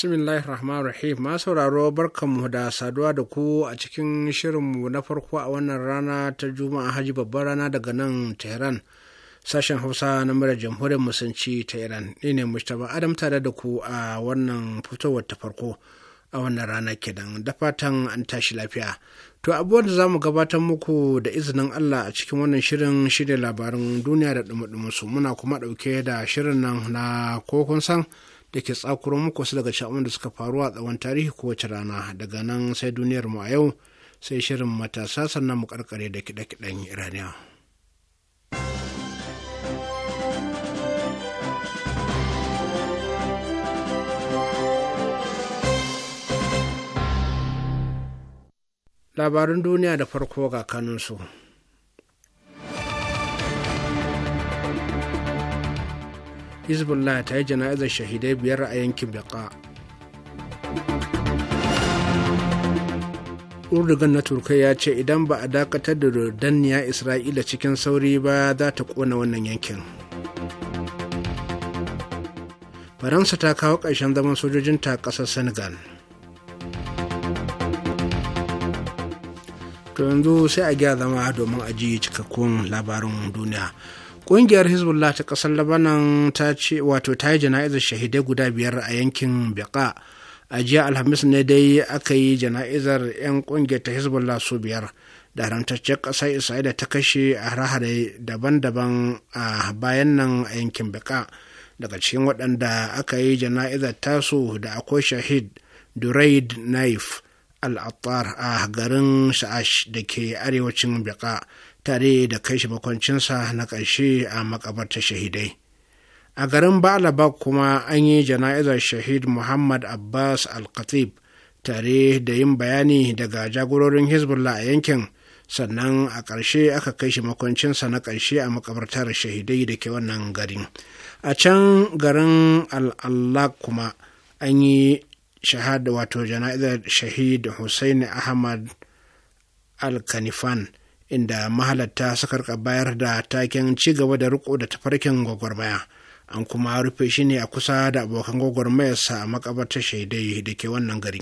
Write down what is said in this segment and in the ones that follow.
bismillahir rahmanir rahim ma sauraro barkanmu da saduwa da ku a cikin shirin mu na farko a wannan rana ta juma'a haji babbar rana daga nan tehran sashen hausa na mara jamhuriyar musulunci ta iran ni ne mustapha adam tare da ku a wannan fitowar ta farko a wannan rana kenan da fatan an tashi lafiya to abubuwan da za mu gabatar muku da izinin allah a cikin wannan shirin shirin labarin duniya da su muna kuma ɗauke da shirin nan na kokon san da ke tsakuro muku wasu daga sha'amun da suka faru a tsawon tarihi kowace rana daga nan sai duniyar mu a yau sai shirin matasa sannan mu karkare da kiɗe-kiɗen iraniya. labarin duniya da farko ga kanunsu. hezbollah ta yi jana'izar shahidai biyar a yankin beka urdugan na turkai ya ce idan ba a dakatar da rudaniya isra'ila cikin sauri ba za ta kona wannan yankin faransa ta kawo ƙarshen zaman sojojin ta ƙasar senegal to yanzu sai a gyara zama domin ajiye cikakkun labarin duniya ƙungiyar hezbollah ta ƙasar labanan ta ce wato ta yi jana'izar shahidai guda biyar a yankin biƙa a jiya alhamis ne dai aka yi jana'izar 'yan ƙungiyar ta hezbollah su biyar da haramtaccen ƙasar isra'ila ta kashe a hare daban-daban a bayan nan a yankin beka daga cikin waɗanda aka yi jana'izar tasu da akwai shahid duraid naif al a garin sha'ash da ke arewacin biƙa. tare da kai shi makwancinsa na ƙarshe a makabarta shahidai a garin Ba'alaba kuma an yi jana'izar shahid muhammad abbas al-khatib tare da yin bayani daga jagororin hezbollah a yankin sannan a ƙarshe aka kai shi makwancinsa na ƙarshe a makabartar shahidai da ke wannan garin a can garin al'allah kuma an yi shahada wato jana'izar shahid hussaini ahmad al-kanifan inda mahalatta suka rika bayar da taken ci gaba da riko da tafarkin gwagwarmaya an kuma rufe shi ne a kusa da abokan gwagwarmayarsa a makabartar shaidai da ke wannan gari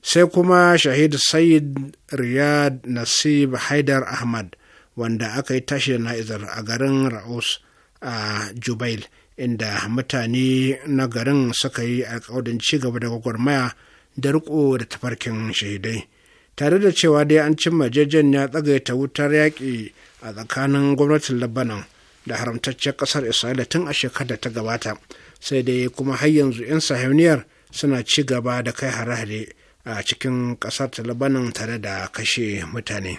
sai kuma shahid said riyad nasib haidar ahmad wanda aka yi tashi da na'izar a garin ra'us a jubail inda mutane na garin suka yi alkawarin ci gaba da gwagwarmaya da riko da tafarkin shaidai. tare da cewa dai an cimma ya tsagaita wutar yaƙi a tsakanin gwamnatin labanan da haramtaccen ƙasar isra'ila tun a shekarar da ta gabata sai dai kuma har yanzu 'yan sahauniyar suna ci gaba da kai hare-hare a cikin ƙasar ta labanan tare da kashe mutane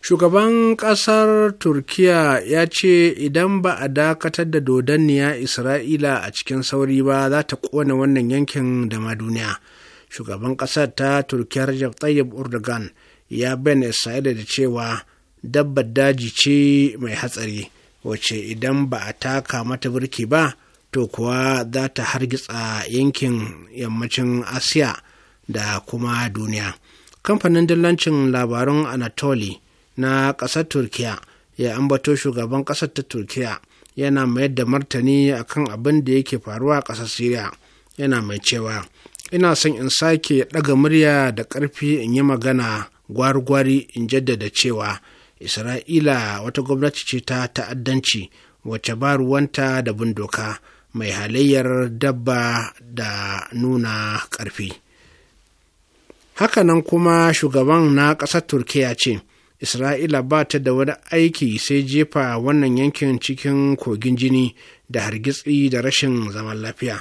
shugaban ƙasar turkiya ya ce idan ba a dakatar da dodanniya isra'ila a cikin sauri ba za ta ƙona wannan yankin da ma duniya shugaban ƙasar ta turkiya rajab tayyib urdugan ya bayyana isra'ila da cewa dabbar daji ce mai hatsari wacce idan ba a taka mata birki ba to kuwa za ta hargitsa yankin yammacin asiya da kuma duniya kamfanin dillancin labarun anatoli na ƙasar turkiya ya ambato shugaban ƙasar ta turkiya yana mayar da martani akan abin da yake faruwa a ƙasar syria yana mai cewa ina son in sake ɗaga murya da ƙarfi in yi magana gwari-gwari in jaddada cewa isra'ila wata gwamnati ce ta ta'addanci wacce ba ruwanta da bin doka mai halayyar dabba da nuna ƙarfi hakanan kuma shugaban na ƙasar turkiya ce isra'ila ba ta da wani aiki sai jefa wannan yankin cikin kogin jini da hargitsi da rashin zaman lafiya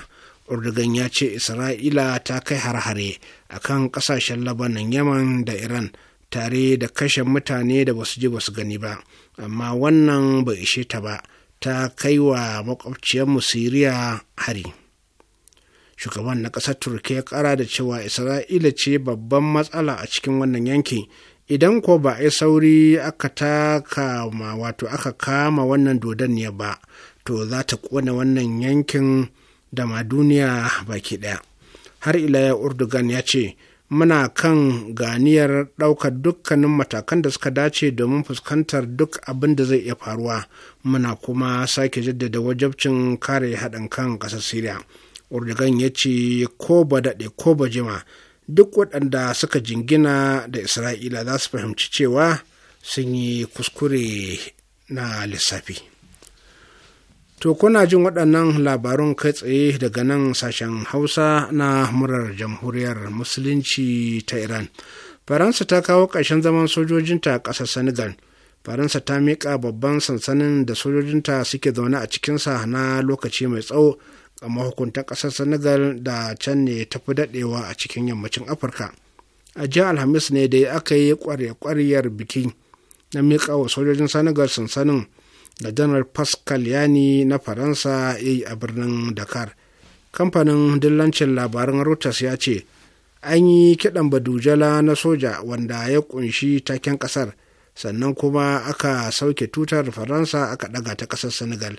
urdugan ya ce isra'ila ta kai har-hare a kan ƙasashen labanan yaman da iran tare da kashe mutane da basu ji basu gani ba amma wannan bai ishe ta ba ta kai wa makwabciyarmu siriya hari shugaban na ƙasar turkiya ƙara da cewa isra'ila ce babban matsala a cikin wannan yanki idan ko ba a sauri aka taka wato aka kama wannan dodon ne ba to za ta kone wannan yankin da ma duniya baki ɗaya har ila ya urdugan ya ce muna kan ganiyar ɗaukar dukkanin matakan da suka dace domin fuskantar duk abin da zai iya faruwa muna kuma sake jaddada wajabcin kare haɗin kan ƙasar syria urdugan ya ce ko ba daɗe ko ba jima duk waɗanda suka jingina da isra'ila za su fahimci cewa sun yi kuskure na lissafi To kuna jin waɗannan labarun kai tsaye daga nan sashen Hausa na murar jamhuriyar Musulunci ta Iran. Faransa ta kawo ƙarshen zaman sojojinta a ƙasar Senegal. Faransa ta miƙa babban sansanin da sojojinta suke zaune a cikinsa na lokaci mai tsawo a mahukuntan ƙasar Senegal da can ne ta fi daɗewa a cikin yammacin Afirka. A jiya Alhamis ne da aka yi ƙwarya-ƙwaryar biki na miƙa wa sojojin Senegal sansanin da janar pascal yani na faransa ya yi a birnin dakar kamfanin dillancin labaran reuters ya ce an yi kiɗan badujala na soja wanda ya kunshi taken ƙasar sannan kuma aka sauke tutar faransa aka ɗaga ta ƙasar senegal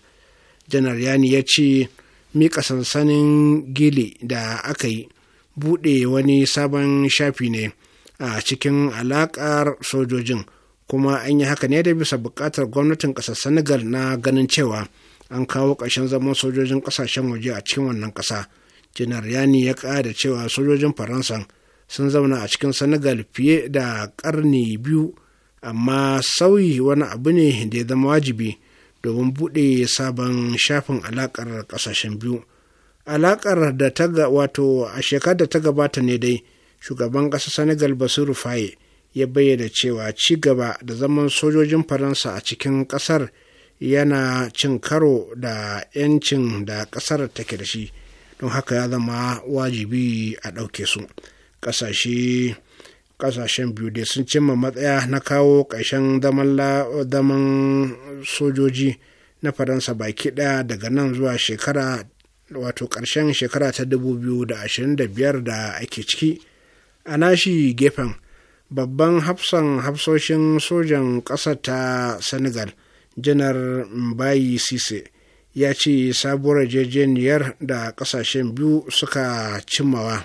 janar yani ya ce miƙa sansanin gili da aka yi buɗe wani sabon shafi ne a cikin alaƙar sojojin kuma an yi haka ne da bisa buƙatar gwamnatin ƙasar senegal na ganin cewa an kawo ƙarshen zaman sojojin ƙasashen waje a cikin wannan ƙasa janar yani ya ƙada cewa sojojin faransa sun zauna a cikin senegal fiye da ƙarni biyu amma sauyi wani abu ne da ya zama wajibi domin buɗe sabon shafin alaƙar ƙasashen biyu alaƙar da ta wato a shekarar da ta gabata ne dai shugaban ƙasar senegal basiru faye ya bayyana cewa ci gaba da zaman sojojin faransa a cikin ƙasar yana cin karo da 'yancin da ƙasar take da shi don haka ya zama wajibi a ɗauke su ƙasashe ƙasashen biyu dai sun cimma matsaya na kawo ƙarshen zaman sojoji na faransa baki ɗaya daga nan zuwa shekara wato ƙarshen shekara ta 2025 da ake ciki a nashi gefen babban hafsan hafsoshin sojan ƙasa ta senegal janar mbayi sise ya ce sabuwar jejeniyar da ƙasashen biyu suka cimmawa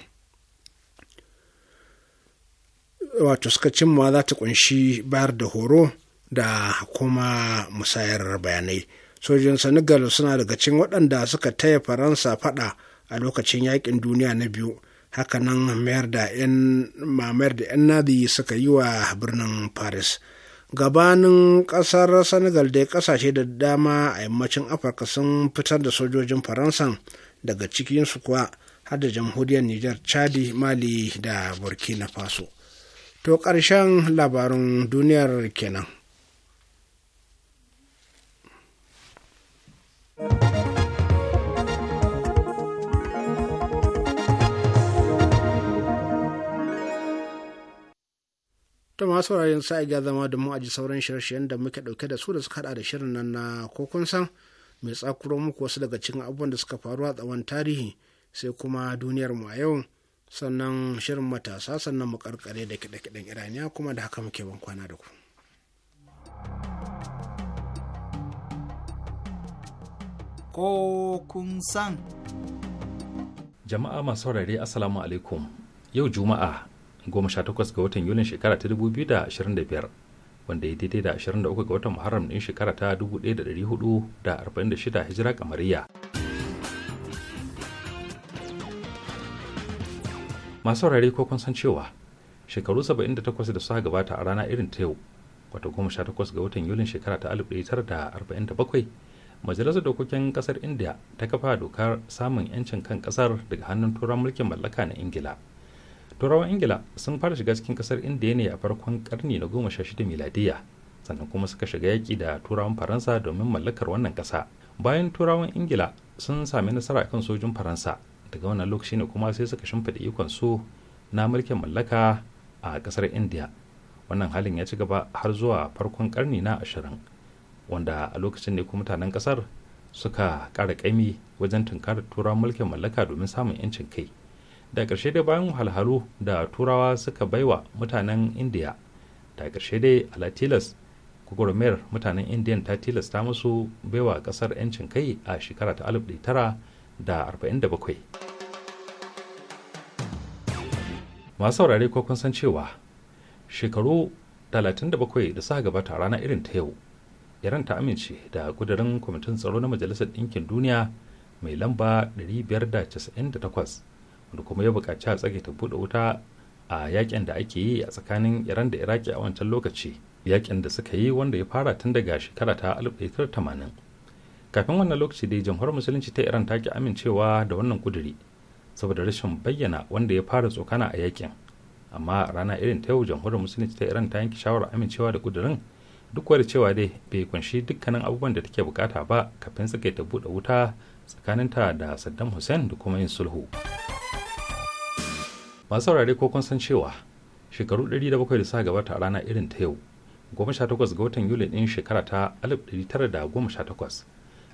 wato suka cimmawa za ta kunshi bayar da horo da kuma musayar bayanai sojin senegal suna daga cin waɗanda suka taya faransa faɗa a lokacin yaƙin duniya na biyu hakanan mayar da 'yan mamayar da 'yan nadi suka yi wa birnin paris gabanin kasar senegal dai kasashe da dama a yammacin afirka sun fitar da sojojin faransa daga cikinsu kuwa har da jamhuriyar niger chadi mali da burkina faso to ƙarshen labarin duniyar kenan. thank da masu sauraron sa ya zama da mu aji sauran shirye-shiryen da muke dauke da su da suka hada da shirin nan na kokon san mai tsakuro muku wasu daga cikin abubuwan da suka faru a tsawon tarihi sai kuma duniyar mu a yau sannan shirin matasa sannan mu karkare da kiɗe-kiɗen iraniya kuma da haka muke ban kwana da ku. ko san. Jama'a masu saurare Assalamu alaikum. Yau Juma'a goma sha takwas ga watan yulin shekara ta dubu biyu da da ashirin biyar wanda ya daidai da ashirin da uku ga watan muharram ɗin shekara ta dubu da da da hudu arba'in shida hijira kamariya masu rare ko kun san cewa shekaru saba'in da takwas da suka gabata a rana irin ta yau wata goma sha takwas ga watan yulin shekara ta alif da da arba'in bakwai majalisar dokokin kasar india ta kafa dokar samun 'yancin kan kasar daga hannun turan mulkin mallaka na ingila turawan ingila sun fara shiga cikin kasar indiya ne a farkon karni na goma sha shida miladiya sannan kuma suka shiga yaƙi da turawan faransa domin mallakar wannan ƙasa bayan turawan ingila sun sami nasara kan sojin faransa daga wannan lokaci ne kuma sai suka shimfiɗa ikon su na mulkin mallaka a kasar indiya wannan halin ya ci gaba har zuwa farkon karni na ashirin wanda a lokacin ne kuma mutanen ƙasar suka ƙara ƙaimi wajen tunkarar turawan mulkin mallaka domin samun 'yancin kai da ƙarshe dai bayan wahalhalu da turawa suka baiwa mutanen indiya da ƙarshe dai ala tilas gwagwarmayar mutanen indiya ta tilasta musu baiwa ƙasar 'yancin kai a shekara ta 1947 masu saurare ko kun san cewa shekaru 37 da suka gabata rana irin ta yau iran ta amince da kudurin kwamitin tsaro na majalisar ɗinkin duniya mai lamba 598 wanda kuma ya buƙaci a tsage ta buɗe wuta a yakin da ake yi a tsakanin iran da iraki a wancan lokaci yakin da suka yi wanda ya fara tun daga shekara ta 1980 kafin wannan lokaci dai jamhuriyar musulunci ta iran ta ki amincewa da wannan kuduri saboda rashin bayyana wanda ya fara tsokana a yakin amma rana irin ta yau jamhuriyar musulunci ta iran ta yanke shawarar amincewa da kudurin duk da cewa dai bai kunshi dukkanin abubuwan da take bukata ba kafin suka ta buɗe wuta tsakaninta da saddam hussein da kuma yin sulhu. masu saurare ko kun san cewa shekaru ɗari da suka gabata a rana irin ta yau 18 ga watan yuli ɗin shekara ta 1918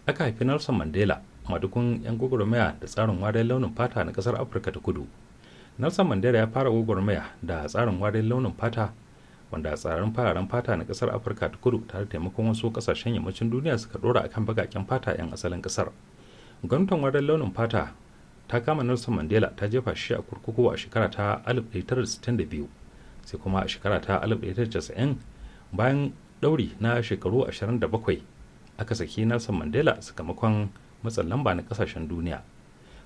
aka haifi nelson mandela madukun 'yan gwagwarmaya da tsarin wariyar launin fata na kasar afirka ta kudu nelson mandela ya fara gwagwarmaya da tsarin wariyar launin fata wanda tsarin fararen fata na ƙasar afirka ta kudu tare da taimakon wasu ƙasashen yammacin duniya suka dora akan bagaken fata 'yan asalin ƙasar gwamnatin wariyar launin fata ta kama Nelson Mandela ta jefa shi a kurkuku a shekara ta 1962 sai kuma a shekara ta 1990 bayan ɗauri na shekaru 27 aka saki Nelson Mandela sakamakon matsin lamba na kasashen duniya.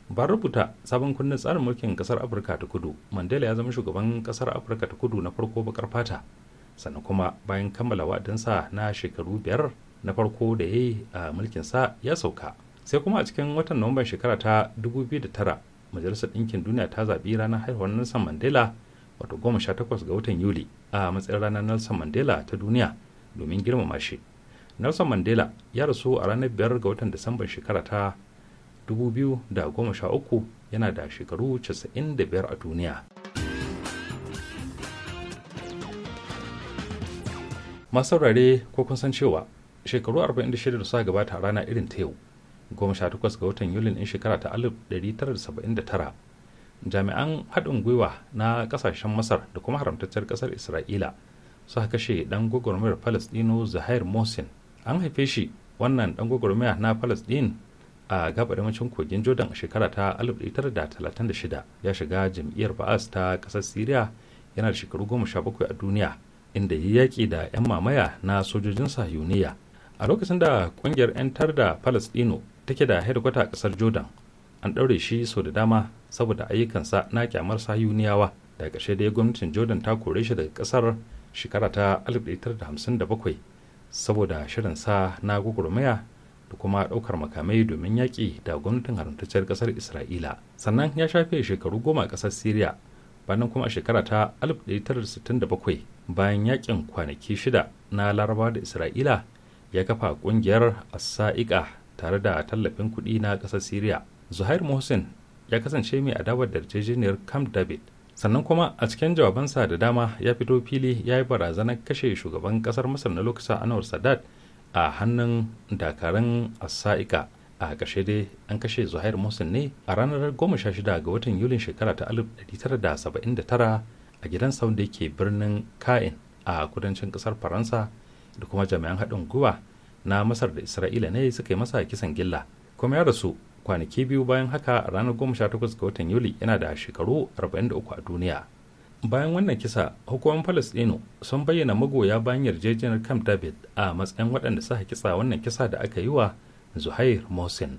Ba rubuta sabon kundin tsarin mulkin kasar Afirka ta kudu, Mandela ya zama shugaban kasar Afirka ta kudu na farko bakar fata, sannan kuma bayan kammala wa'adinsa na shekaru biyar na farko da ya yi a mulkinsa ya sauka. sai kuma a cikin watan nuwamban shekara ta 2009 majalisar ɗinkin duniya ta zaɓi ranar haihuwar nelson mandela wato 18 ga watan yuli a matsayin ranar nelson mandela ta duniya domin girmama shi nelson mandela ya rasu a ranar 5 ga watan disamban shekara ta 2013 yana da shekaru 95 a duniya masu ko kun san cewa shekaru 46 da suka gabata a rana irin ta yau 18 ga watan yulin in shekara ta 1979 jami'an haɗin gwiwa na ƙasashen masar da kuma haramtacciyar ƙasar isra'ila su kashe ɗan gwagwarmayar palestino zahir mohsin an haife shi wannan ɗan gwagwarmaya na palestine a yammacin kogin jordan a shekara ta 1936 ya shiga jam'iyyar ba'as ta ƙasar syria yana da shekaru 17 a duniya inda ya yaƙi da 'yan mamaya na sojojinsa sahiyuniya a lokacin da ƙungiyar 'yantar da palestino take da hedikwata a kasar jordan an ɗaure shi sau da dama saboda ayyukansa na kyamar sahiyuniyawa da ƙarshe dai gwamnatin jordan ta kore shi daga kasar shekara ta 1957 saboda shirinsa na gugurmaya da kuma ɗaukar makamai domin yaƙi da gwamnatin haramtacciyar kasar isra'ila sannan ya shafe shekaru goma a ƙasar syria bayan kuma a shekara ta 1967 bayan yaƙin kwanaki shida na larabawa da isra'ila ya kafa ƙungiyar asa'iƙa tare da tallafin kuɗi na ƙasar siriya zuhair mohsin ya kasance mai adawar da yarjejeniyar camp david sannan kuma a cikin jawabansa da dama ya fito fili ya yi barazanar kashe shugaban ƙasar masar na lokacin anwar sadat a hannun dakarun asa'ika a ƙarshe dai an kashe zuhair musin ne a ranar 16 ga watan yulin shekara ta 1979 a gidan saun da ke birnin ka'in a kudancin ƙasar faransa da kuma jami'an haɗin guba. na masar da isra'ila ne suka yi masa kisan gilla kuma ya rasu kwanaki biyu bayan haka a ranar 18 ga watan yuli yana da shekaru 43 a duniya bayan wannan kisa hukumar palestino sun bayyana magoya bayan yarjejeniyar camp david a matsayin waɗanda suka kisa wannan kisa da aka yi wa zuhair mohsin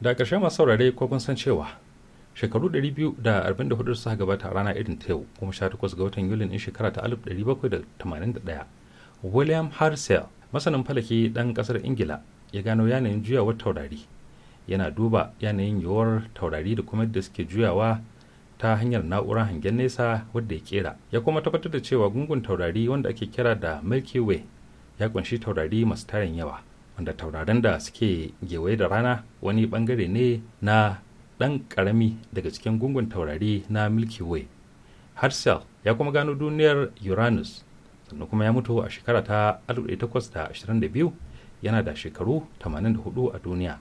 da ƙarshe masu saurare ko kun san cewa shekaru 244 suka gabata a rana irin ta yau kuma 18 ga watan yulin in shekara ta 1781 william harsel masanin falaki dan ƙasar ingila ya gano yanayin juyawar taurari yana duba yanayin yiwuwar taurari da kuma yadda suke juyawa ta hanyar na'urar hangen nesa wadda ya kera ya kuma tabbatar da cewa gungun taurari wanda ake kira da milky way ya kunshi taurari masu tarin yawa wanda taurarin da suke gewaye da rana wani bangare ne na ɗan ƙarami daga cikin gungun taurari na milky way hartzell ya kuma gano duniyar uranus sannan kuma ya mutu a shekara ta 1822 yana da shekaru 84 a duniya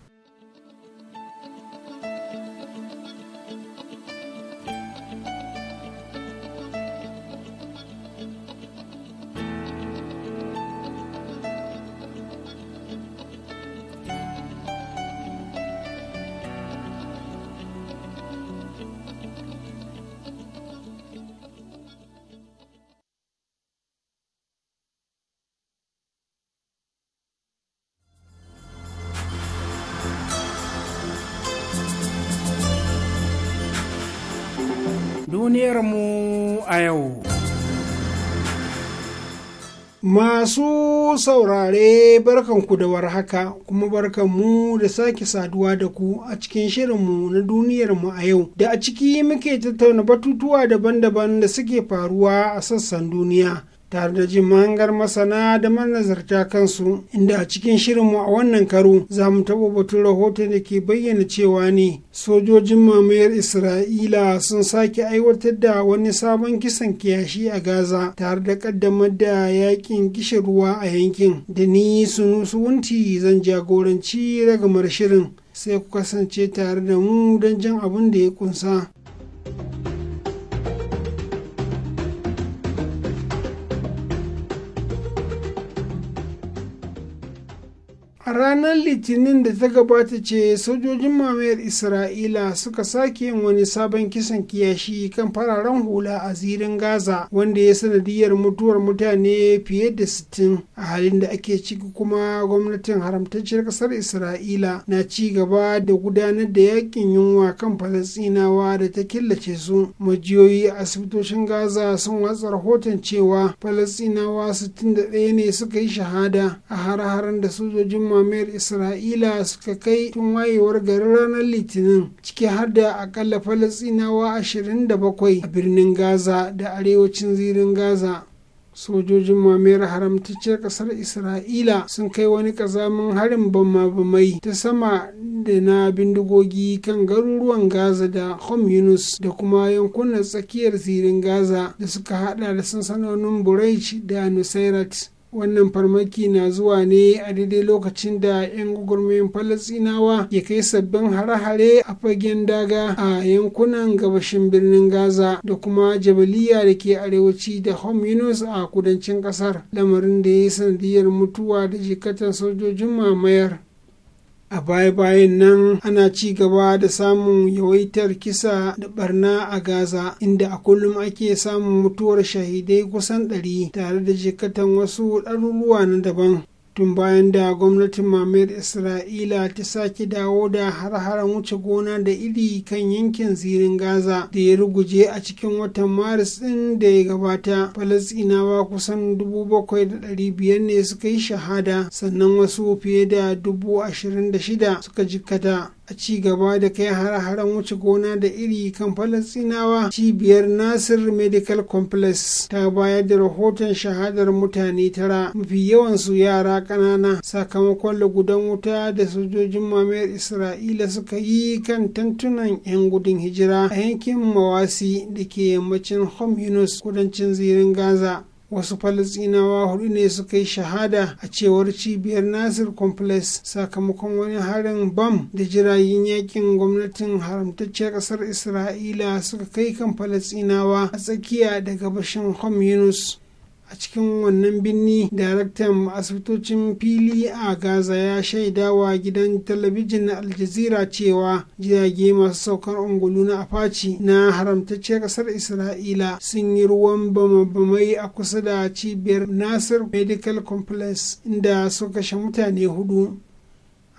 Duniyarmu a yau. Masu saurare barkan ku da warhaka kuma barkanmu da sake saduwa da ku a cikin shirinmu na duniyarmu a yau da a ciki muke tattauna batutuwa daban-daban da suke faruwa a sassan duniya tare da jin mahangar masana da manazarta kansu inda a cikin shirinmu a wannan karo za mu taɓa batun rahoton da ke bayyana cewa ne sojojin mamayar isra'ila sun sake aiwatar da wani sabon kisan kiyashi a gaza tare da ƙaddamar da yakin kishin ruwa a yankin da ni sunusu wunti zan jagoranci ragamar shirin sai ku kasance tare da mu don jan abin da ya kunsa. a ranar litinin da ta gabata ce sojojin mamayar isra'ila suka sake yin wani sabon kisan kiyashi kan fararen hula a zirin gaza wanda ya sanadiyar mutuwar mutane fiye da sittin a halin da ake ciki kuma gwamnatin haramtacciyar kasar isra'ila na ci gaba da gudanar da yakin yunwa kan falasinawa da ta killace su majiyoyi a asibitocin gaza sun watsa rahoton cewa falasinawa 61 ne suka yi shahada a har da sojojin mamayar isra'ila suka kai tun wayewar garin ranar litinin ciki har da akalla falasinawa 27 a birnin gaza da arewacin zirin gaza sojojin mamayar haramtacciyar kasar isra'ila sun kai wani kazamin harin bamabamai ta sama da na bindigogi kan garuruwan gaza da hom yunus da kuma yankunan tsakiyar zirin gaza da suka hada da sansanonin buraic da nusairat wannan farmaki na zuwa ne a daidai lokacin da 'yan gwagwarmayin falasinawa ke kai sabbin hare-hare a fagen daga a yankunan gabashin birnin gaza da kuma jabaliya da ke arewaci da home yunus a kudancin kasar lamarin da ya yi sanadiyar mutuwa da jikatan sojojin mamayar a baya-bayan nan ana ci gaba da samun yawaitar kisa da barna a gaza inda a kullum ake samun mutuwar shahidai kusan ɗari tare da jikatan wasu ɗaruruwa na daban tun bayan da gwamnatin mamayar isra'ila ta sake dawo da har-haren wuce gona da iri kan yankin zirin gaza da ya ruguje a cikin watan maris ɗin da ya gabata falasinawa kusan 7,500 ne suka yi shahada sannan wasu fiye da 26,000 suka jikkata a ci gaba da kai har-haren wuce gona da iri kan falasinawa cibiyar nasir medical complex ta bayar da rahoton shahadar mutane tara mafi yawansu yara ƙanana sakamakon lagudan wuta da sojojin mamayar isra'ila suka yi kan tantunan 'yan gudun hijira a yankin mawasi da ke yammacin hom kudancin zirin gaza wasu falasinawa hudu ne suka yi shahada a cewar cibiyar nasir complex sakamakon wani harin bam da jiragen yakin gwamnatin haramtacciyar kasar isra'ila suka kai kan falasinawa a tsakiya da gabashin Homs Yunus. a cikin wannan birni daraktan asibitocin fili a gaza ya shaidawa gidan talabijin na aljazira cewa jirage masu saukar ungulu na apache na haramtacciyar ƙasar isra'ila sun yi ruwan bama-bamai a kusa da cibiyar nasir medical complex inda suka kashe mutane hudu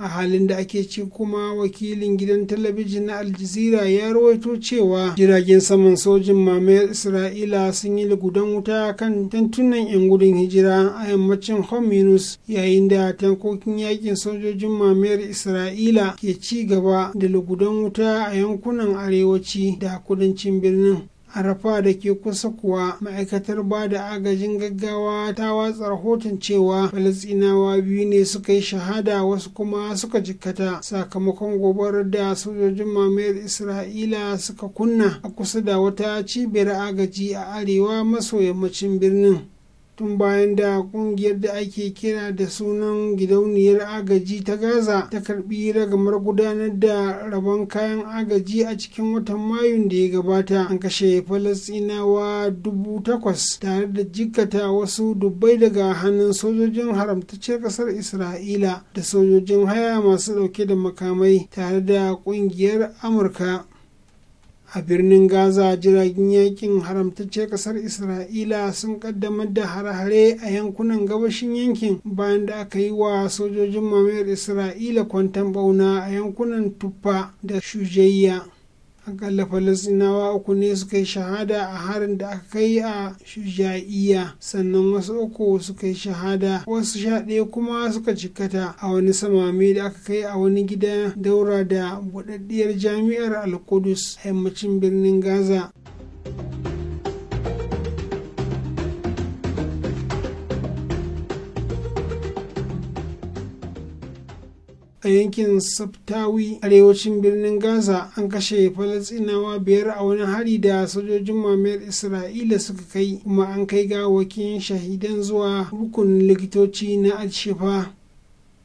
a halin da ake ci kuma wakilin gidan talabijin na aljazira ya rawaito cewa jiragen saman sojin mamayar isra'ila sun yi lugudan wuta kan tantunan 'yan gudun hijira a yammacin hominus yayin da tankokin yakin sojojin mamayar isra'ila ke ci gaba da lugudan wuta a yankunan arewaci da kudancin birnin arafa da ke kusa kuwa ma'aikatar ba da agajin gaggawa ta watsa rahoton cewa falasinawa biyu ne suka yi shahada wasu kuma suka jikkata sakamakon gobarar da sojojin mamayar isra'ila suka kunna a kusa da wata cibiyar agaji a arewa maso yammacin birnin tun bayan da kungiyar da ake kira da sunan gidauniyar agaji ta gaza ta karbi ragamar gudanar da rabon kayan agaji a cikin watan mayun da ya gabata an kashe falasinawa dubu takwas tare da jikkata wasu dubbai daga hannun sojojin haramtacciyar kasar isra'ila da sojojin haya masu dauke da makamai tare da kungiyar amurka a birnin gaza jiragen yakin haramtacce kasar isra'ila sun kaddamar da hare-hare a yankunan gabashin yankin bayan da aka yi wa sojojin mamayar isra'ila kwantan bauna a yankunan tuffa da shujayya akalla falasinawa uku ne suka yi shahada a harin da aka kai a shuja'iya sannan wasu uku suka yi shahada wasu sha kuma suka cikkata a wani samami da aka kai a wani gida daura da buɗaɗɗiyar jami'ar alkudus a yammacin birnin gaza a yankin sabtawi arewacin birnin gaza an kashe falasinawa biyar a wani hari da sojojin mamayar isra'ila suka kai kuma an kai gawakin shahidan zuwa rukunin likitoci na alshifa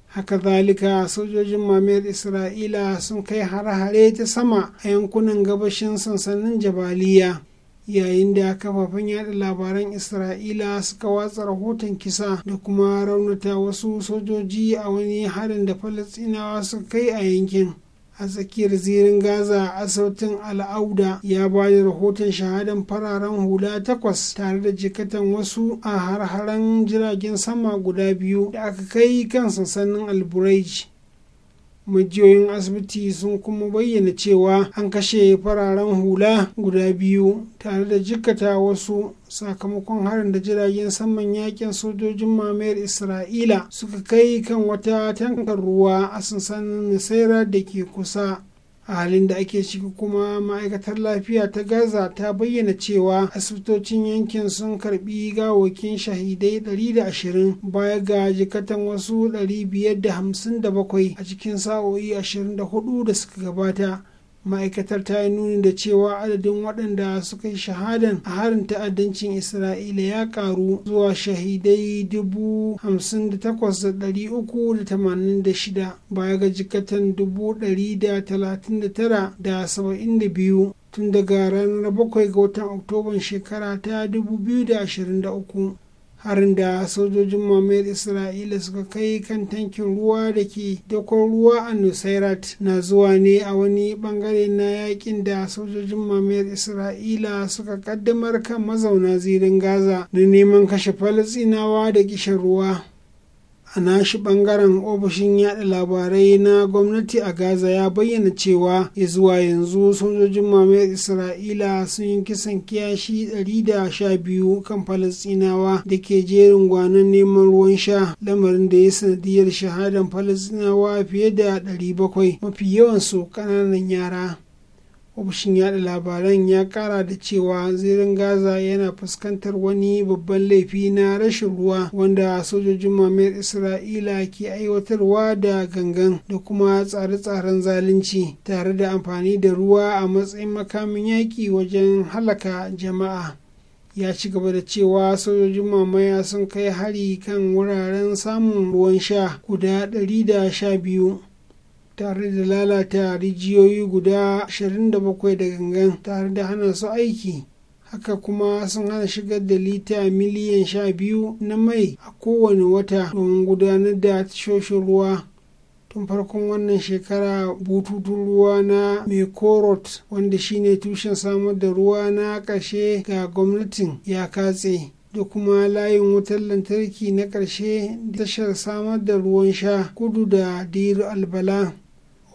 haka zalika sojojin mamayar isra'ila sun kai hare-hare ta sama a yankunan gabashin sansanin jabaliya yayin da kafafen yada labaran isra'ila suka watsa rahoton kisa da kuma raunata wasu sojoji a wani harin da falastinawa suka kai a yankin a tsakiyar zirin gaza a asibitin al'auda ya ba da rahoton shahadan fararen hula takwas tare da jikatan wasu a har-haren jiragen sama guda biyu da aka kai kan sansanin alburaiji majiyoyin asibiti sun kuma bayyana cewa an kashe fararen hula guda biyu tare da jikkata wasu sakamakon harin da jiragen saman yakin sojojin mamayar isra'ila suka kai kan wata tankar ruwa a sansanin nisaira da ke kusa a halin da ake ciki kuma ma'aikatar lafiya ta gaza ta bayyana cewa asibitocin yankin sun karbi gawokin shahidai 120 baya ga jikatan wasu 557 a cikin sa'o'i 24 da suka gabata ma'aikatar ta yi nuni da cewa adadin waɗanda suka yi shahadan a harin ta'addancin isra'ila ya karu zuwa shahidai dubu hamsin da takwas da ɗari baya ga jikatan dubu da talatin tun daga ranar bakwai ga watan oktoban shekara ta 2023 harin da sojojin mamayar isra'ila suka kai kan tankin ruwa da ke dakon ruwa a nusairat na zuwa ne a wani bangare na yakin da sojojin mamayar isra'ila suka kaddamar kan mazauna zirin gaza na neman kashe falasinawa da kishin ruwa a nashi bangaren ofishin yada labarai na gwamnati a gaza ya bayyana cewa ya zuwa yanzu sojojin mamayar isra'ila sun yi kisan kiyashi 112 kan falasinawa da ke jerin gwanon neman ruwan sha lamarin da ya sanadiyar shahadan falasinawa fiye da 700 mafi yawan su kananan yara ofishin yada labaran ya kara da cewa zirin gaza yana fuskantar wani babban laifi na rashin ruwa wanda sojojin mamayar isra'ila ke aiwatarwa da gangan da kuma tsare-tsaren zalunci tare da amfani da ruwa a matsayin makamin yaƙi wajen halaka jama'a ya ci gaba da cewa sojojin mamaya sun kai hari kan wuraren samun ruwan sha guda 112 tare da lalata rijiyoyi guda 27 da gangan tare da hana su aiki haka kuma sun hana shigar da lita miliyan 12 na mai a kowane wata domin gudanar da tashoshin ruwa tun farkon wannan shekara bututun ruwa na mekorot wanda shine tushen samar da ruwa na ƙarshe ga gwamnatin ya katse da kuma layin wutar lantarki na ƙarshe tashar samar da ruwan sha kudu da diru albala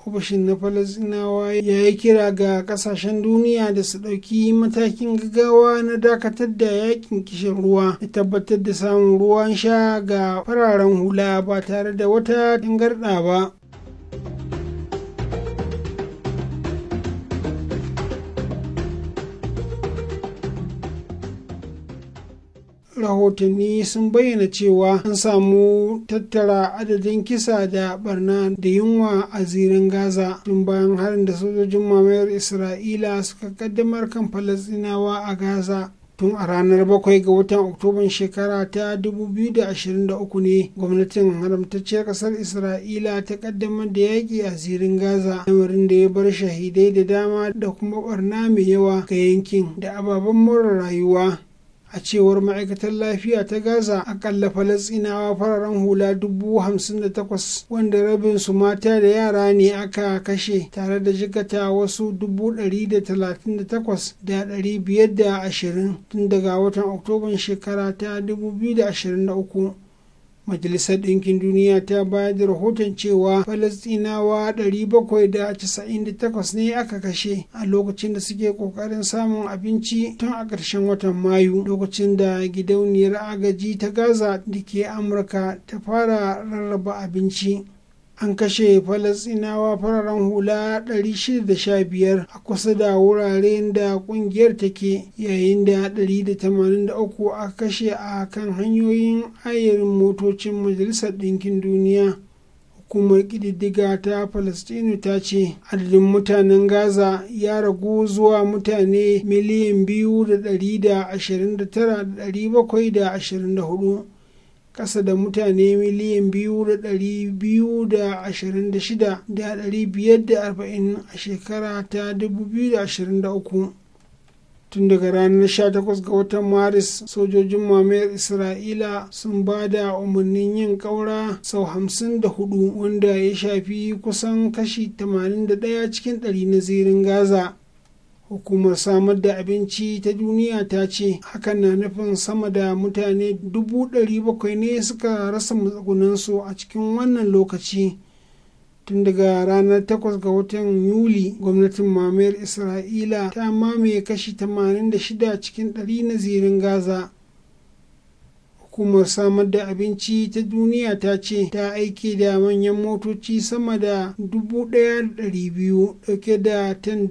kwamishin na falasinawa ya yi kira ga kasashen duniya da su ɗauki matakin gaggawa na dakatar da yakin kishin ruwa da tabbatar da samun ruwan sha ga fararen hula ba tare da wata tangarɗa ba rahotanni sun bayyana cewa an samu tattara adadin kisa da barna da yunwa a zirin gaza tun bayan harin da sojojin mamayar isra'ila suka kaddamar kan falastinawa a gaza tun a ranar bakwai ga watan oktoban shekara ta 2023 ne gwamnatin haramtacciyar kasar isra'ila ta kaddamar da yaƙi a zirin gaza lamarin da ya bar shahidai da dama da kuma barna mai yawa ga yankin da ababen more rayuwa a cewar ma'aikatar lafiya ta gaza akalla falasinawa fararen hula dubu hamsin da takwas wanda rabin su mata da yara ne aka kashe tare da jikata wasu dubu ɗari da talatin da takwas da ɗari biyar da ashirin tun daga watan oktoban shekara ta dubu biyu da ashirin da uku majalisar ɗinkin duniya ta bayar da rahoton cewa falastinawa 798 ne aka kashe a lokacin da suke ƙoƙarin samun abinci tun a ƙarshen watan mayu lokacin da gidauniyar agaji ta gaza da ke amurka ta fara rarraba abinci an kashe falasinawa fararen hula 615 a kusa da wuraren da kungiyar take yayin da 183 a kashe a kan hanyoyin ayarin motocin majalisar ɗinkin duniya hukumar ƙididdiga ta falastinu ta ce adadin mutanen gaza ya ragu zuwa mutane miliyan biyu da ɗari da ashirin ƙasa da mutane miliyan biyu da ɗari biyu da ashirin da shida da ɗari biyar da arba'in a shekara ta dubu tun daga ranar 18 ga watan maris sojojin mamayar isra'ila sun ba da umarnin yin ƙaura sau 54 wanda ya shafi kusan kashi 81 cikin 100 na zirin gaza hukumar samar da abinci ta duniya ta ce hakan na nufin sama da mutane bakwai ne suka rasa matsugunansu a cikin wannan lokaci tun daga ranar 8 ga watan yuli gwamnatin mamayar isra'ila ta mamaye kashi 86 cikin 100 na zirin gaza hukumar samar da abinci ta duniya ta ce ta aiki da manyan motoci sama da 1,200 dauke da tan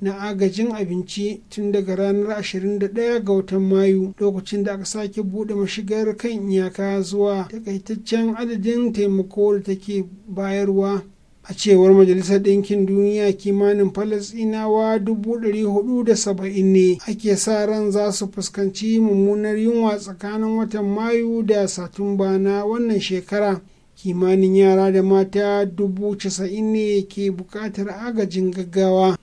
na agajin abinci tun daga ranar 21 ga watan mayu lokacin da aka sake bude mashigar kan iyaka zuwa takaitaccen adadin taimako da take bayarwa a cewar majalisar ɗinkin duniya kimanin falasinawa 470 ne ake sa ran za su fuskanci mummunar yunwa tsakanin watan mayu da satumba na wannan shekara kimanin yara da mata 90 ne ke buƙatar agajin gaggawa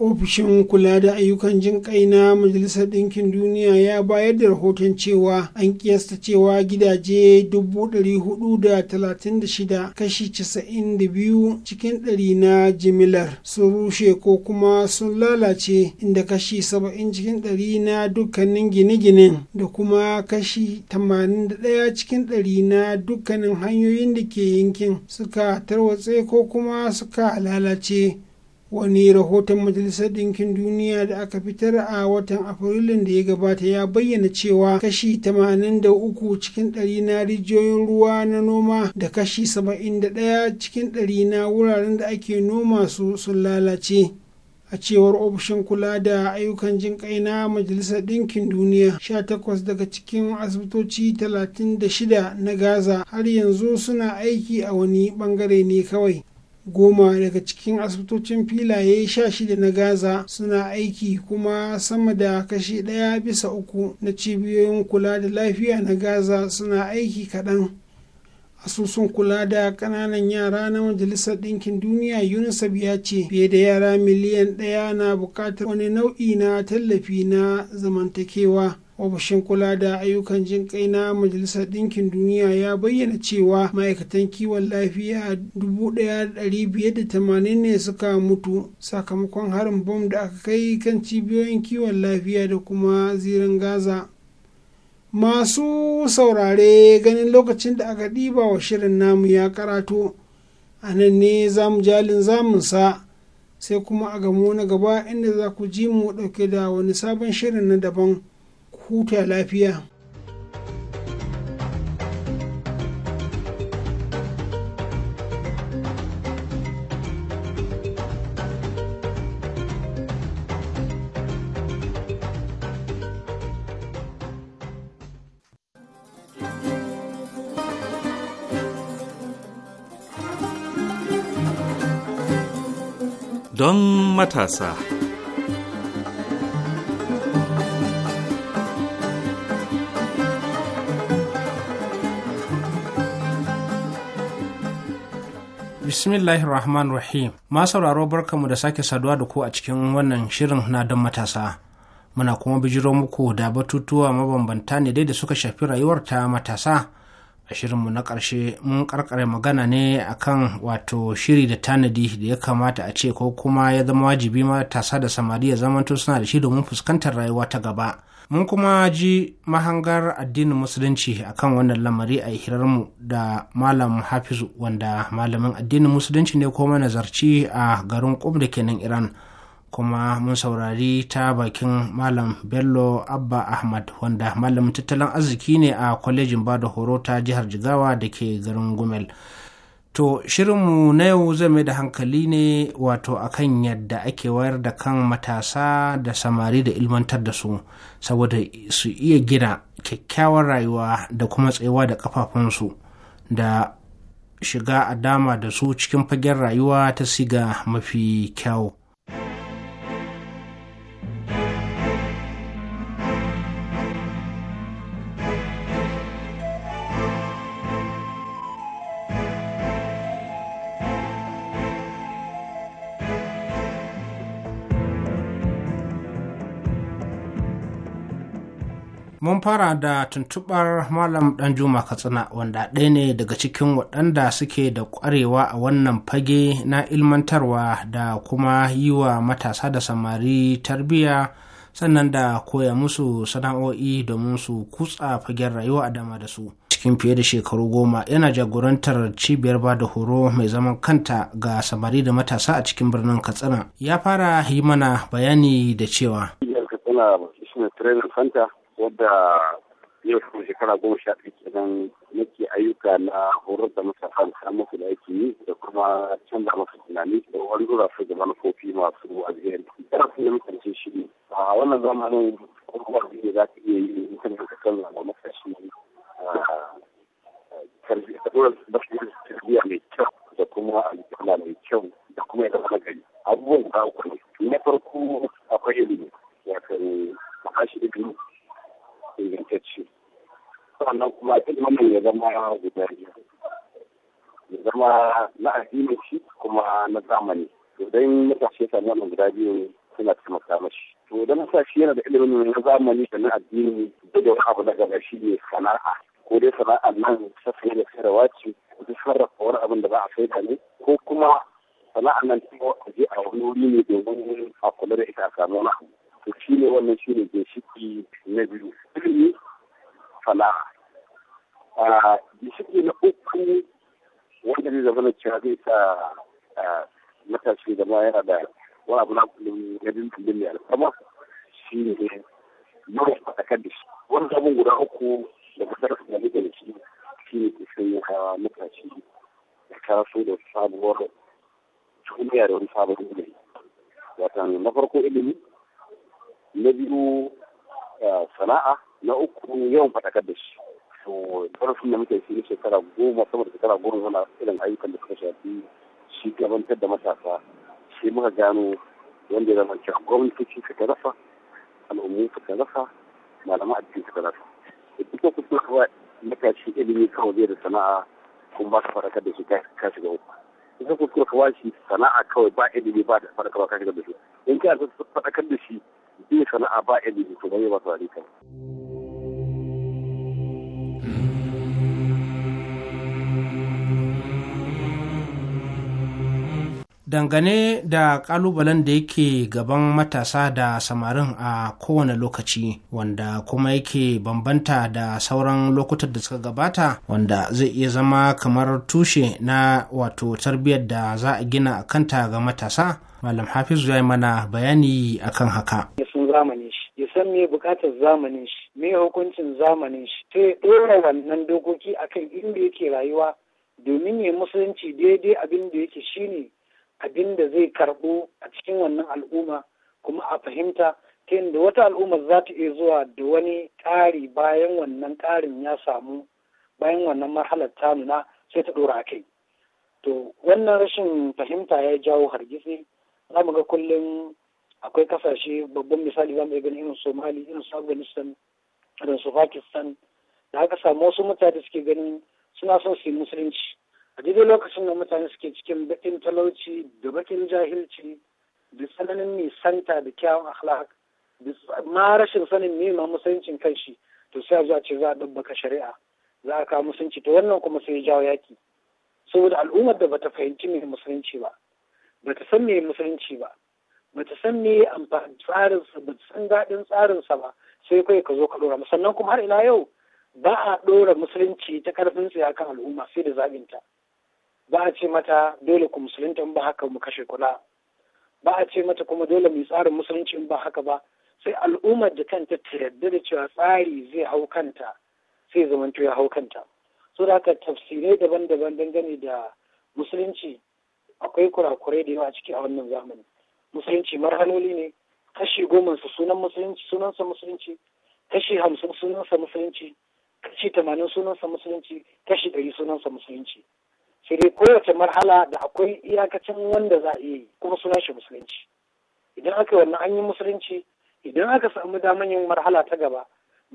ofishin kula da ayyukan jin kai na majalisar ɗinkin duniya ya bayar da rahoton cewa an kiyasta cewa gidaje 436 kashi 92 cikin dari na jimilar sun rushe ko kuma sun lalace inda kashi 70 cikin dari na dukkanin gine-ginen da kuma kashi 81 cikin dari na dukkanin hanyoyin da ke yankin suka tarwatse ko kuma suka lalace wani rahoton majalisar ɗinkin duniya da aka fitar a watan afrilun da ya gabata ya bayyana cewa kashi 83 cikin ɗari na rijiyoyin ruwa na noma da kashi 71 cikin ɗari na wuraren da ake noma su sun lalace a cewar ofishin kula da ayyukan jin kai na majalisar ɗinkin duniya 18 daga cikin asibitoci 36 na gaza har yanzu suna aiki a wani bangare ne kawai goma daga cikin asibitocin filaye sha shida na gaza suna aiki kuma sama da kashi ɗaya bisa uku na cibiyoyin kula da lafiya na gaza suna aiki kaɗan asusun kula da ƙananan yara na majalisar ɗinkin duniya unicef ya ce fiye da yara miliyan ɗaya na buƙatar wani nau'i na tallafi na zamantakewa ofishin kula da ayyukan jin kai na majalisar ɗinkin duniya ya bayyana cewa ma'aikatan kiwon lafiya 1,580 ne suka mutu sakamakon harin bom da aka kai kan cibiyoyin kiwon lafiya da kuma zirin gaza masu saurare ganin lokacin da aka ɗiba wa shirin namu ya karato a nan ne zamu jalin zamunsa sai kuma a gamo na gaba inda za ku ji mu ɗauke da wani sabon shirin na daban. huta lafiya don matasa Bismillahir rahman Rahim. Ma sauraro barkamu da sake saduwa da ku a cikin wannan shirin na don matasa. Muna kuma bijiro muku da batutuwa mabambanta ne dai da suka shafi rayuwar ta matasa. A shirinmu na karshe mun karkare magana ne akan wato shiri da tanadi da ya kamata a ce ko kuma ya zama wajibi matasa da samari ya zamanto suna da shi domin fuskantar rayuwa ta gaba. mun kuma ji mahangar addinin musulunci akan wannan lamari a hirarmu da malam hafizu wanda malamin addinin musulunci ne kuma nazarci a garin kum da kenan iran kuma mun saurari ta bakin malam bello abba ahmad wanda malamin tattalin arziki ne a kwalejin bada horo ta jihar jigawa da ke garin gumel To shirinmu na yau zai mai da hankali ne wato akan yadda ake wayar da kan matasa da samari da ilmantar da su saboda su iya gina kyakkyawar rayuwa da kuma tsayuwa da kafafunsu da shiga a dama da su cikin fagen rayuwa ta siga mafi kyau. mun fara da tuntubar malam danjuma katsina wanda ɗaya ne daga cikin waɗanda suke da ƙwarewa a wannan fage na ilmantarwa da kuma yi wa matasa da samari tarbiyya sannan da koya musu sana'o'i domin su kutsa fagen rayuwa a dama da su cikin fiye da shekaru goma yana jagorantar cibiyar ba da horo mai zaman kanta ga samari da matasa a cikin birnin katsina ya fara yi mana bayani da cewa katsina shi wadda yau kuma shekara goma sha ɗaya kenan nake ayyuka na horar da matasa da musu da ake yi da kuma canza masa tunani da wani zura su da manufofi masu alheri. da shi ne a wannan zamanin kuma da za ka iya yi in kan ka canza wa tarbiyya mai kyau da kuma da kuma yadda da na farko akwai ilimi wato ingantacce sannan kuma ilimin ya zama guda biyu ya zama na addinin shi kuma na zamani idan matashi ya samu wannan guda biyu suna taimaka mashi to idan matashi yana da ilimin na zamani da na addini da wani abu na gaba shi ne sana'a ko dai sana'a nan ta saye da sayarwa ce ko ta sarrafa wani abin da za a saida ne ko kuma sana'ar nan ta je a wani wuri ne domin a kula da ita a samu wani abu to shi ne wannan shi ne ginshiki na biyu ilimi sana'a a ginshiki na uku wanda zai zama na cewa zai sa matashi zama yana da wani abu na kullum na bin kullum mai alfama shi ne mara fatakar da shi wani abin guda uku da kusa da nake da shi shi ne ke sanya hawa matashi da karaso da sabuwar duniya da wani sabon ilimi wata na farko ilimi na biyu eh, sana'a na uku yawan faɗakar da shi to ƙarfin da muke shi shekara goma saboda shekara goma muna irin ayyukan da suka shafi shi gabantar da matasa shi muka gano wanda ya zama cewa gwamnatoci suka rasa al'ummu suka rasa malaman addini suka rasa ita kuma kawai matashi ilimi kawai zai da sana'a kuma ba su faɗakar da shi ka shiga uku ita kuma kawai shi sana'a kawai ba ilimi ba da faɗakar da shi in ka faɗakar da shi bai sana'a ba ilimi to bai ba saurare dangane da kalubalen da yake gaban matasa da samarin a kowane lokaci wanda kuma yake bambanta da sauran lokutan da suka gabata wanda zai iya zama kamar tushe na wato tarbiyyar da za a gina kanta ga matasa malam hafizu ya yi mana bayani akan haka zamanin shi ya san me bukatar zamanin shi me hukuncin zamanin shi sai ɗora wannan dokoki akan inda yake rayuwa domin ya musulunci daidai abin da yake shine abin da zai karɓo a cikin wannan al'umma kuma a fahimta ta yadda wata al'umma za ta iya zuwa da wani ƙari bayan wannan ƙarin ya samu bayan wannan marhalar ta nuna sai ta ɗora kai to wannan rashin fahimta ya jawo hargitsi za mu ga kullum akwai kasashe babban misali zamu iya ganin irin somali irin su afghanistan irin su pakistan da haka samu wasu mutane suke ganin suna son su yi musulunci a daidai lokacin da mutane suke cikin bakin talauci da baƙin jahilci da tsananin nisanta da kyawun akhlaq ma rashin sanin me ma musuluncin kanshi to sai zuwa ce za a dabbaka shari'a za a kawo musulunci to wannan kuma sai ya jawo yaki saboda al'ummar da bata fahimci me musulunci ba bata san me musulunci ba bata san me amfani tsarinsa ba san daɗin tsarinsa ba sai kai ka zo ka ɗora sannan kuma har ina yau ba a ɗora musulunci ta ƙarfin tsaye kan al'umma sai da zaɓinta ba a ce mata dole ku musulunta in ba haka mu kashe kula ba a ce mata kuma dole mu tsarin musulunci in ba haka ba sai al'ummar da kanta ta yarda da cewa tsari zai hau kanta sai zamanto ya hau kanta so da haka tafsirai daban-daban dangane da musulunci akwai kurakurai da yawa ciki a wannan zamani musulunci marhaloli ne kashi goma su sunan musulunci sunansa musulunci kashi hamsin sunansa musulunci kashi tamanin sunansa musulunci kashi ɗari sunansa musulunci sai dai kowace marhala da akwai iyakacin wanda za a yi kuma sunan shi musulunci idan aka wannan an yi musulunci idan aka samu daman yin marhala ta gaba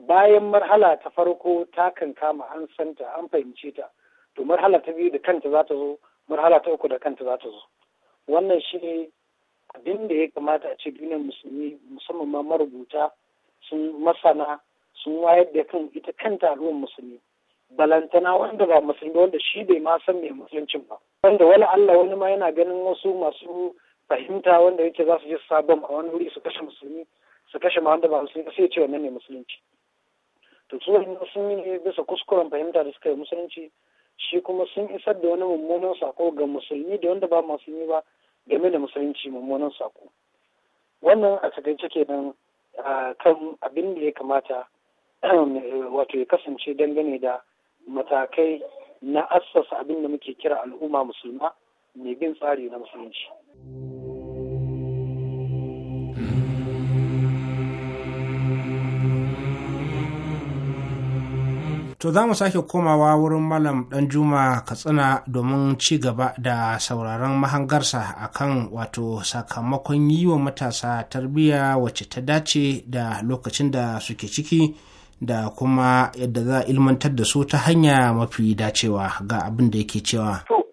bayan marhala ta farko ta kankama kama an santa an fahimce ta to marhala ta biyu da kanta za ta zo marhala ta uku da kanta za ta zo wannan shi ne abin da ya kamata a ce duniyar musulmi musamman ma marubuta sun masana sun wayar da kan ita kanta al'ummar musulmi balantana wanda ba musulmi wanda shi bai ma san mai musuluncin ba wanda wala Allah wani ma yana ganin wasu masu fahimta wanda yake za su je sabon a wani wuri su kashe musulmi su kashe ma wanda ba musulmi sai ce wannan ne musulunci to su wani musulmi ne bisa kuskuren fahimta da suka yi musulunci shi kuma sun isar da wani mummunan sako ga musulmi da wanda ba musulmi ba game da musulunci mummunan sako wannan a takaice nan kan abin da ya kamata eh, wato ya kasance dangane da matakai na assasa abin da muke kira al'umma musulma mai bin tsari na musulunci. to za mu sake komawa wurin malam dan juma katsina domin ci gaba da sauraron mahangarsa akan wato sakamakon yi wa matasa tarbiyya wacce ta dace da lokacin da suke ciki da kuma yadda za a ilmantar da su ta hanya mafi dacewa ga abin da yake cewa. To,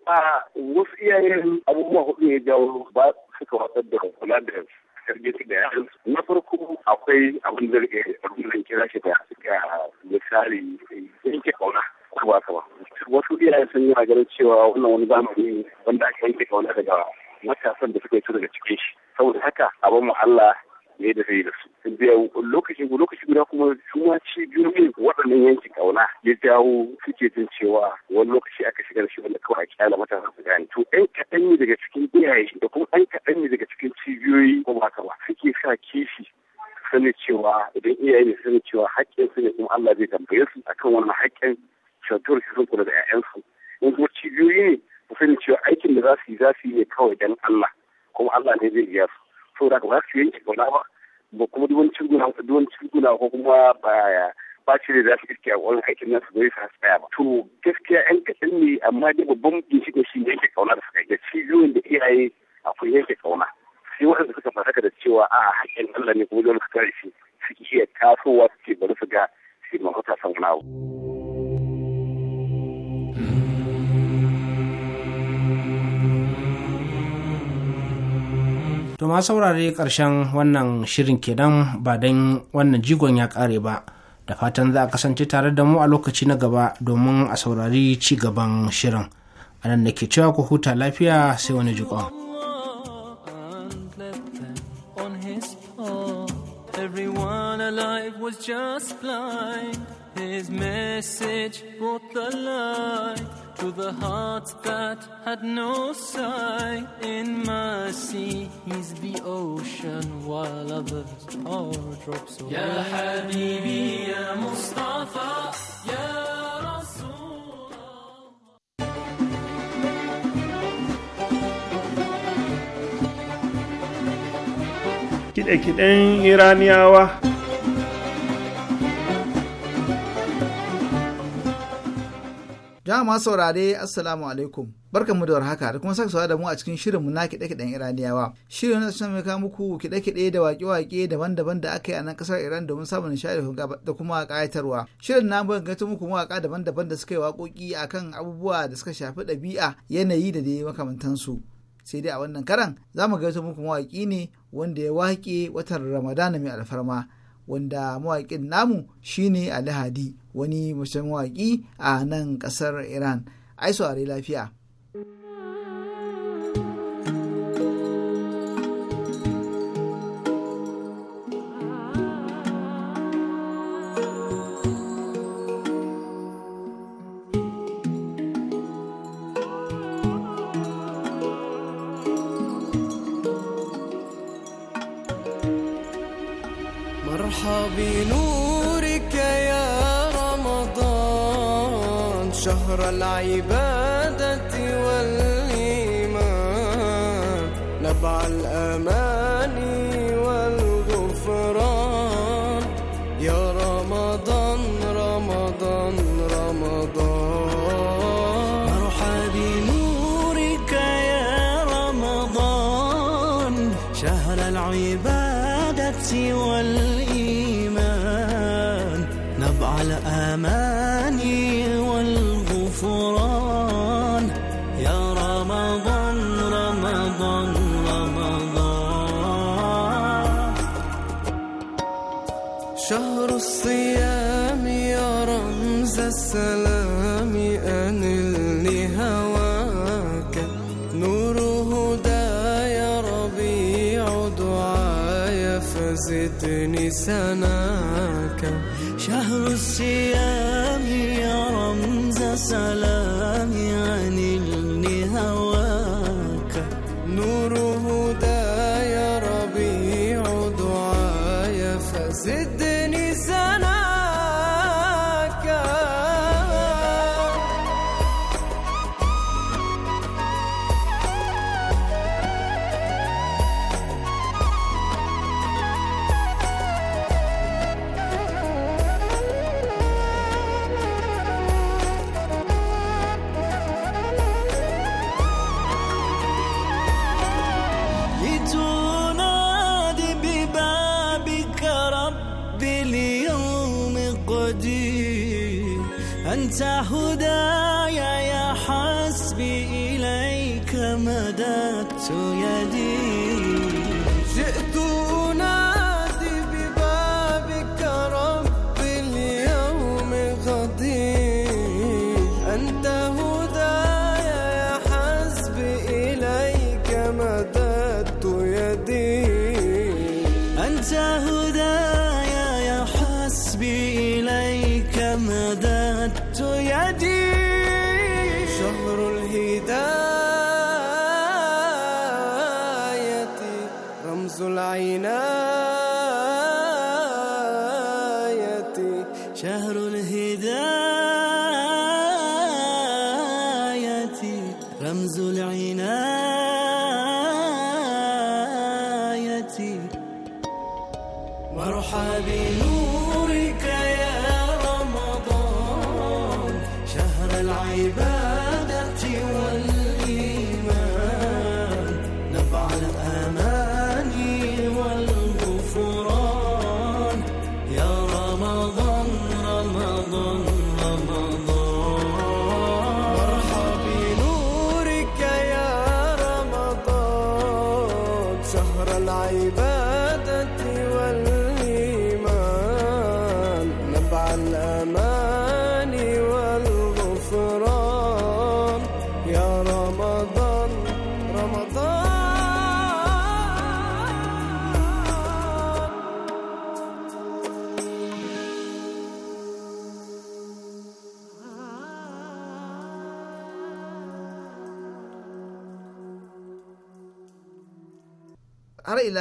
wasu iyayen abubuwa hudu ya jawo ba suka watsar da kula da tarbiyyar da yaran na farko akwai abin da zan kira shi da ga misali yanke kauna kuma kuma wasu iyaye sun yi maganar cewa wannan wani zamani wanda aka yanke kauna daga matasan da suka yi daga cikin shi saboda haka abin mu Allah ne da zai da su da lokaci lokaci guda kuma suma cibiyoyin waɗannan yankin kauna ya jawo suke jin cewa wani lokaci aka shiga da shi wanda kawai a kyala matasa su gane to ɗan kaɗan ne daga cikin iyaye da kuma ɗan kaɗan ne daga cikin cibiyoyi ko ba ba suke sa kishi sani cewa idan iyaye ne sani cewa haƙƙin su ne kuma Allah zai tambaye su akan wannan haƙƙin shantuwar su sun kula da 'ya'yansu in kuma cibiyoyi ne su sani cewa aikin da za su yi za su yi ne kawai dan Allah kuma Allah ne zai biya su saboda ka ba su yanke kauna ba ba kuma duwancin guna duwan guna ko kuma ba ba shi da za su iske a wani aikin nasu bai sa tsaya ba. To gaskiya yan kaɗan ne amma dai babban ginshiƙin shi ne yanke kauna da suka yi da cibiyoyin da iyaye akwai yanke kauna. Sai waɗanda suka fasaka da cewa a haƙƙin Allah ne kuma dole su kare shi suke iya tasowa suke bari su ga shi mahauta san wani abu. To ma saurare ƙarshen wannan shirin kenan ba don wannan jigon ya ƙare ba. Da fatan za a kasance tare da mu a lokaci na gaba domin a saurari ci gaban shirin. A nan da ke cewa ku huta lafiya sai wani jikon. Everyone alive His message brought the light to the hearts that had no sight. In mercy, He's the ocean, while others are drops away. Ya Habibi, Ya Mustafa, Ya Rasulullah. Kiɗe-kiɗen Iraniyawa. jama'a masu saurare assalamu alaikum barkanmu da warhaka da kuma saka da mu a cikin mu na kiɗe-kiɗen iraniyawa shirin na shan mai muku kiɗe-kiɗe da waƙe-waƙe daban-daban da aka yi a nan ƙasar iran domin samun nishaɗi da kuma ƙayatarwa shirin na bugan gaito muku mawaƙa daban-daban da suka yi waƙoƙi a kan abubuwa da suka shafi ɗabi'a yanayi da dai makamantansu sai dai a wannan karan za mu gaito muku mawaƙi ne wanda ya waƙe watan ramadana mai alfarma wanda mawaƙin namu shine Ali Hadi wani mace mawaƙi a nan ƙasar Iran. Ai saurari lafiya. burn.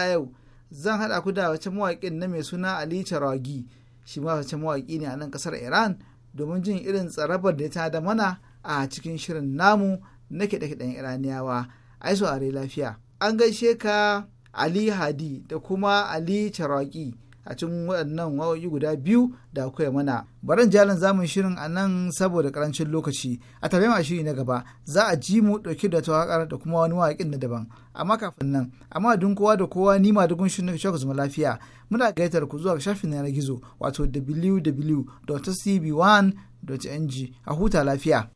A yau zan haɗa ku da wace mawaƙin na mai suna Ali Charagi shi ma wace mawaƙi ne a nan ƙasar Iran domin jin irin tsarabar da ta da mana a cikin shirin namu na kiɗe-kiɗen Iraniyawa ai are lafiya an gaishe ka Ali Hadi da kuma Ali Charagi a cikin waɗannan wawoyi guda biyu da akwai mana baran jalin zamun shirin a nan saboda karancin lokaci a tafiya ma shiri na gaba za a ji mu ɗauki da tawakar da kuma wani waƙin na daban amma kafin nan amma dun kowa da kowa ni ma dugun shirin shaku zuma lafiya muna gaitar ku zuwa shafin yanar gizo wato wwwcb 1ng a huta lafiya.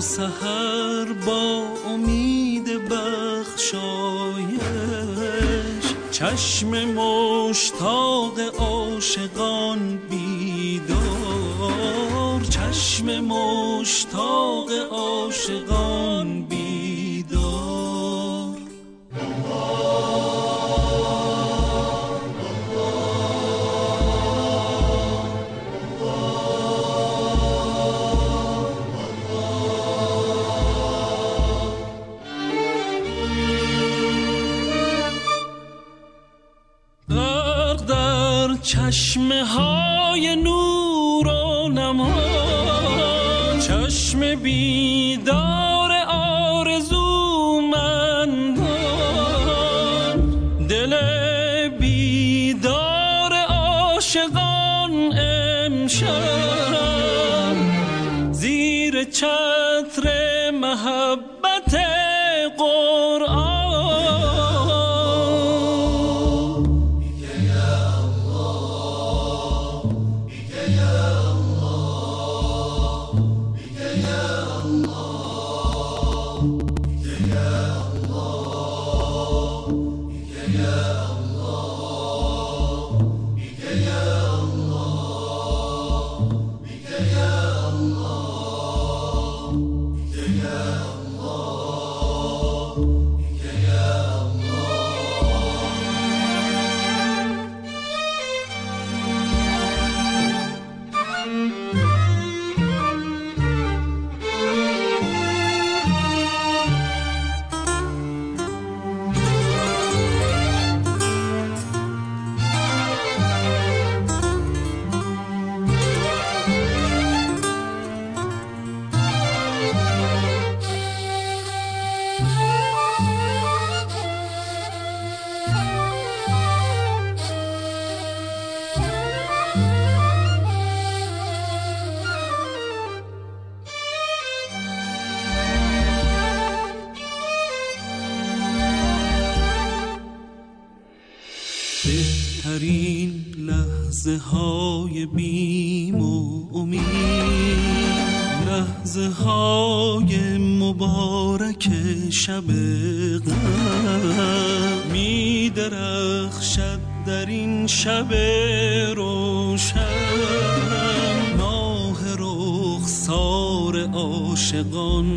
سحر با امید بخشایش چشم مشتاق عاشقان بیدار چشم مشتاق عاشقان شب می درخشد در این شب روشن ماه رخسار عاشقان